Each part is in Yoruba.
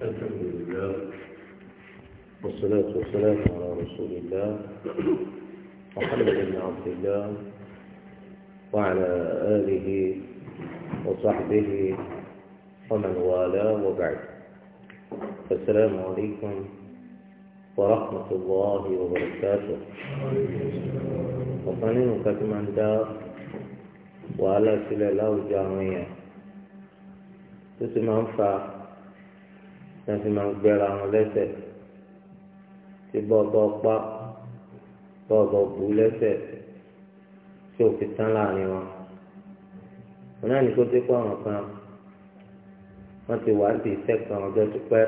الحمد لله والصلاة والسلام على رسول الله محمد بن عبد الله وعلى آله وصحبه ومن والاه وبعد السلام عليكم ورحمة الله وبركاته ọ̀kan nínú nǹkan tí máa وعلى سلالة wàhálà sílẹ̀ láwùjọ wọ́n sì máa ń gbẹ́ra wọn lẹ́sẹ̀ tí bọ́ọ̀bọ́ pa bọ́ọ̀bọ́ bù lẹ́sẹ̀ tí ò fi tán láàrin wọn. wọn náà ní kó tó kó àwọn kan wọ́n ti wà á di iṣẹ́ kan ọjọ́ tó pẹ́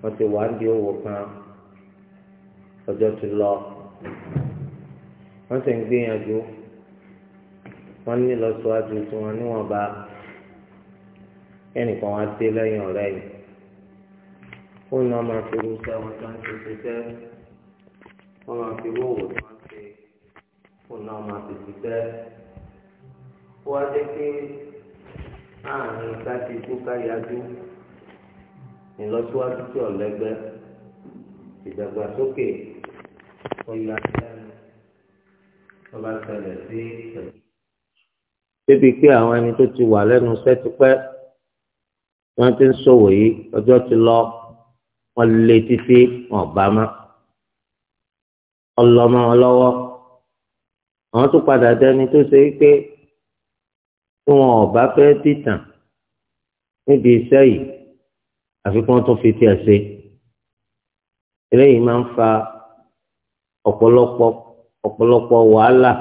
wọ́n ti wà di òwò kan ọjọ́ tó lọ wọ́n sì ń gbìyànjú wọ́n ní lọ́sọ̀wájú tí wọ́n níwọ̀nba kẹ́nìkan wá dé lẹ́yìn ọ̀rẹ́ yìí ó ní wọ́n máa fi irú iṣẹ́ wọn tó ń ṣe ṣiṣẹ́ wọ́n máa fi irú òwò tó ń ṣe ó ní wọ́n máa fi ṣiṣẹ́ ó wá dé pé láàrin káti ikú káyájú ìlọsíwájú tí ọ̀lẹ́gbẹ́ ìdàgbàsókè ọ̀yà ìlànà ọba ṣẹlẹ̀ sí ẹ̀sìn. débi pé àwọn ẹni tó ti wà lẹ́nu iṣẹ́ ti pẹ́ wọ́n ti ń ṣòwò yìí ọjọ́ ti lọ wọ́n lé títí wọn bá má ọlọ́mọ ọlọ́wọ́ àwọn tó padà dẹni tó ṣe pé tí wọn ò bá fẹ́ dìtàn níbi iṣẹ́ yìí àfi kí fi tiẹ̀ ṣe eléyìí máa ń fa ọ̀pọ̀lọpọ̀ ọ̀pọ̀lọpọ̀ wàhálà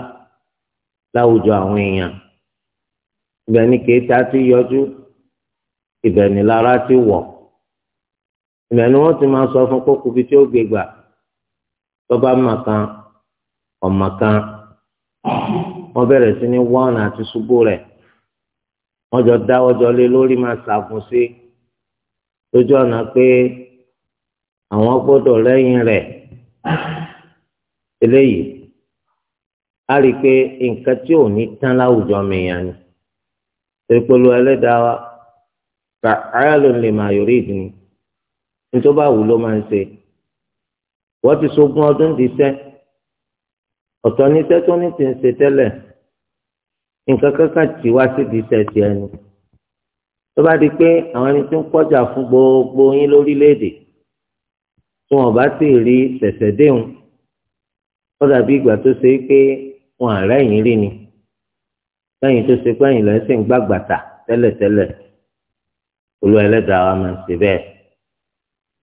láwùjọ àwọn èèyàn ibẹ̀ ni kèéta ti yọjú ibẹ̀ ni lára ti wọ̀ ibẹ̀ ni wọ́n ti máa sọ fún kókó fi tí ó gbé gbà tọ́ba màkan ọ̀màkan wọ́n bẹ̀rẹ̀ sí ní wọ́n àti ṣubú rẹ̀ wọ́n jọ dáwọ́ jọ lé lórí máa ṣàgùn sí lójú ọ̀nà pé àwọn gbọ́dọ̀ lẹ́yìn rẹ̀ eléyìí a rí i pé nǹkan tí ò ní tán láwùjọ mìíràn ni ìpolówó ẹlẹ́dàá fàálù lè máa yọrí ìdùnnú nítorí bá wù ló máa ń ṣe wọ́n ti sogún ọdún ti sẹ́ ọ̀tọ̀ ní sẹ́ tó ní ti ń ṣe tẹ́lẹ̀ nǹkan kankan tì wá sí ti sẹ́ ti ẹnu tó bá di pé àwọn ẹni tí ń kọjá fún gbogbo yín lórílẹ̀‐èdè tí wọ́n bá sì rí ṣẹ̀ṣẹ̀ déhùn ó dàbí ìgbà tó ṣe pé wọn àrẹ́yìn rí ni lẹ́yìn tó ṣe pé ẹ̀yìn lẹ́sìn gbàgbàtà tẹ́lẹ̀tẹ́lẹ̀. olú ẹlẹ́dàá wa máa ń ṣe bẹ́ẹ̀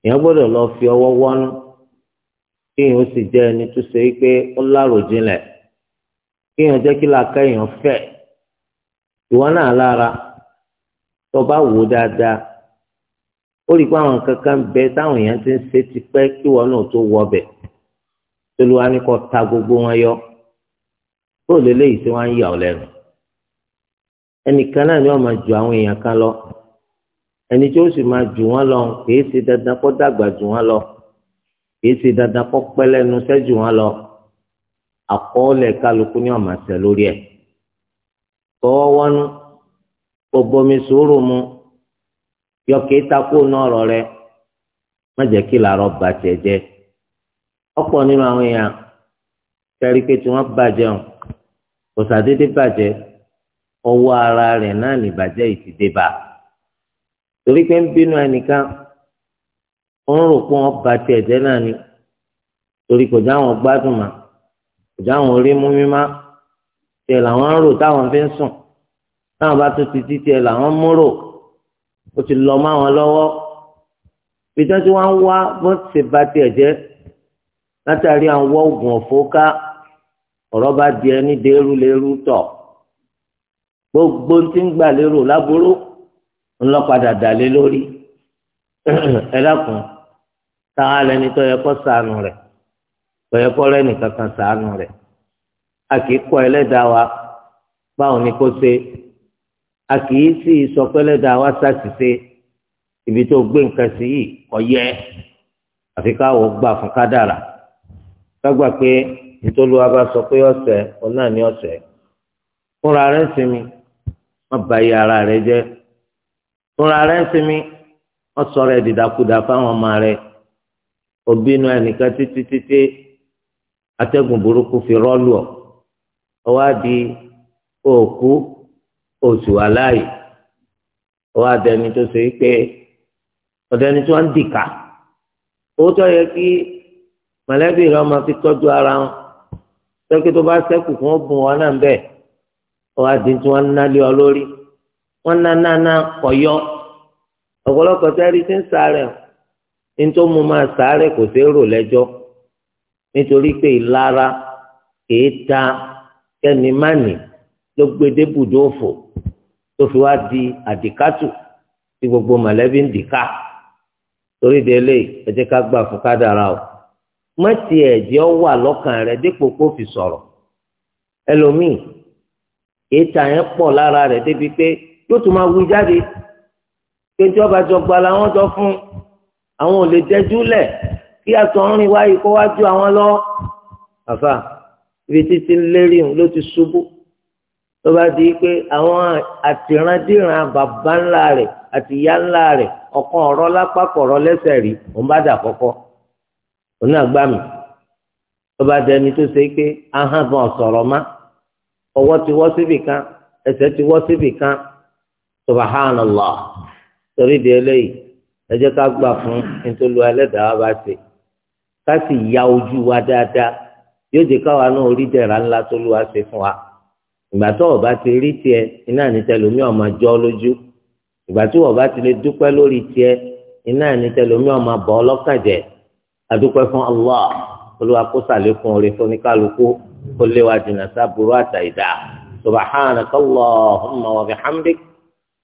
èèyàn gbọ́dọ̀ lọ fi ọwọ́ wọ́nú kéèyàn ó sì jẹ́ ẹni tó ṣe pé ó kí kéèyàn jẹ́ kí làákà èèyàn fẹ́ ìwọ náà lára tó bá wò dáadáa ó rí i pé àwọn kankan bẹ táwọn èèyàn ti ń ṣe kí náà tó wọ ọbẹ̀ tó ló wá ní gbogbo wọn yọ lélẹ́yìí tí wọ́n á yà ọ́ lẹ́nu ẹnìkan náà ni wọ́n máa ju àwọn èèyàn kan lọ. ẹni tí ó sì máa jù wọ́n lọ kìí ṣe dandan kó dàgbà jù wọ́n lọ kìí ṣe dandan kó pẹ́ lẹ́nu iṣẹ́ jù wọ́n lọ àkọọ́lẹ̀ kálukú ní ọ̀mà tẹ̀ lórí ẹ̀ tọwọ́ wọnú gbogbo mi sùúrù mu yọ kìí takó nọ́ọ̀rọ̀ rẹ má jẹ́ kí làárọ̀ bàjẹ́ jẹ́ ọ̀pọ̀ nínú àwọn èèyàn kẹrí pé tí wọ́n bàjẹ́ hàn kò sàdédé bàjẹ́ ọwọ́ ara rẹ̀ náà nìbàjẹ́ ìtìdébà torí pé ń bínú ẹnìkan ó ń rò pé wọn ba tiẹ̀ jẹ́ náà ni torí kò já wọn gbádùn mà kò já wọn rí mú mímá tiẹ̀ làwọn ń rò táwọn fi ń sùn táwọn bá tún ti di tiẹ̀ làwọn mú rò ó ti lọ mọ́ àwọn lọ́wọ́ bìtẹ́ tí wọ́n ń wá bó ti ba tiẹ̀ jẹ́ látàrí àwọn oògùn ọ̀fọ́ká ọ̀rọ̀ bá di ẹni dérú tọ̀ gbogbo ti ń gbà lérò láboró ńlọ́padà dàlé lórí ẹ dákun táwọn alẹ́ni tó yẹ kó sànù rẹ̀ tó yẹ kó rẹ́nì kankan sànù rẹ̀ a kì í kọ́ ẹlẹ́dàá wa báwo ni kó ṣe a kì í sì sọ pé ẹlẹ́dàá wa ṣàṣìṣe ibi tó gbé nǹkan sí yìí kò yẹ àfi káwọ́ gbà fún kádàrà kágbà pé nítorí wa bá sọ pé ọ̀sẹ̀ ọ̀nà ni ọ̀sẹ̀ fúnra rẹ̀ sinmi wọ́n bà iye ara rẹ̀ jẹ́ fúnra rẹ̀ ń sinmi wọ́n sọ̀rọ̀ ẹ̀dìdàkudà fáwọn ọmọ rẹ̀ òbí inú ẹnìkan títí títí atẹ́gùn burúkú fi rọ́ọ̀lù ọ̀ ọwọ́ adi òkú oṣù aláì ọwọ́ adẹni tó ṣe pé ọ̀dẹni tó ń dìkà owó tó yẹ kí mọ̀lẹ́bí rẹ̀ ọmọ fi tọ́jú ara wọn tọ́kí tó bá sẹ́kù fún ọ̀bùn wọn náà bẹ́ẹ̀ ọwọ́ adi tí wọ́n ń nálé ọ lórí wọn nánà kọyọ ọ̀pọ̀lọpọ̀ sẹ́rí ti ń sáré o nítorí mo máa sáré kò sí rò lẹ́jọ́ nítorí pé ìlara kìí ta kẹ́ni mánì ló gbé débùdó òfò tó fi wá di àdìkátù tí gbogbo mọ̀lẹ́bí ń dìka torí délé ẹ jẹ́ ká gbà fún kádàrá o má tiẹ̀ wà lọ́kàn rẹ dípò kó fi sọ̀rọ̀ ẹlòmíì kìí ta yẹn pọ̀ lára rẹ̀ débi pé yóò tún máa wí jáde kéńtì ọba jọgba làwọn jọ fún àwọn ò lè dẹjú lẹ kí àtọrin wáyé kó wá ju àwọn lọ àfà ibi títí lérí òun ló ti ṣubú tó bá di pé àwọn àtìrandíran bàbá ńlá rẹ̀ àti ìyá ńlá rẹ̀ ọkàn ọ̀rọ̀ lápá kọ̀ọ̀rọ̀ lẹ́sẹ̀ rí òun bá dà kọ́kọ́ òun náà gbà mí tọba dẹni tó ṣe pé ahọ́n gan sọ̀rọ̀ má ọwọ́ ti wọ́ síbì kan ẹsẹ̀ ti wọ́ síbì kan subhanallah torí di eléyìí ẹ jẹ́ ká gbà fún nítorí ẹlẹ́dàá bá ṣe ká sì ya ojú wa dáadáa yóò jẹ́ káwa náà rí dẹ̀ra ńlá tó lù wá ṣe fún wa ìgbà tó o bá ti rí tiẹ̀ iná ní tẹlómi ọmọ jọ lójú ìgbà tí o bá ti lè dúpẹ́ lórí tiẹ̀ iná ní ọmọ bọ ọlọ́kàn jẹ fún Allah olúwa kó fún oníkálukú kó léwájú náà sábúrú àtàyídá subhanakallahumma wa bihamdik.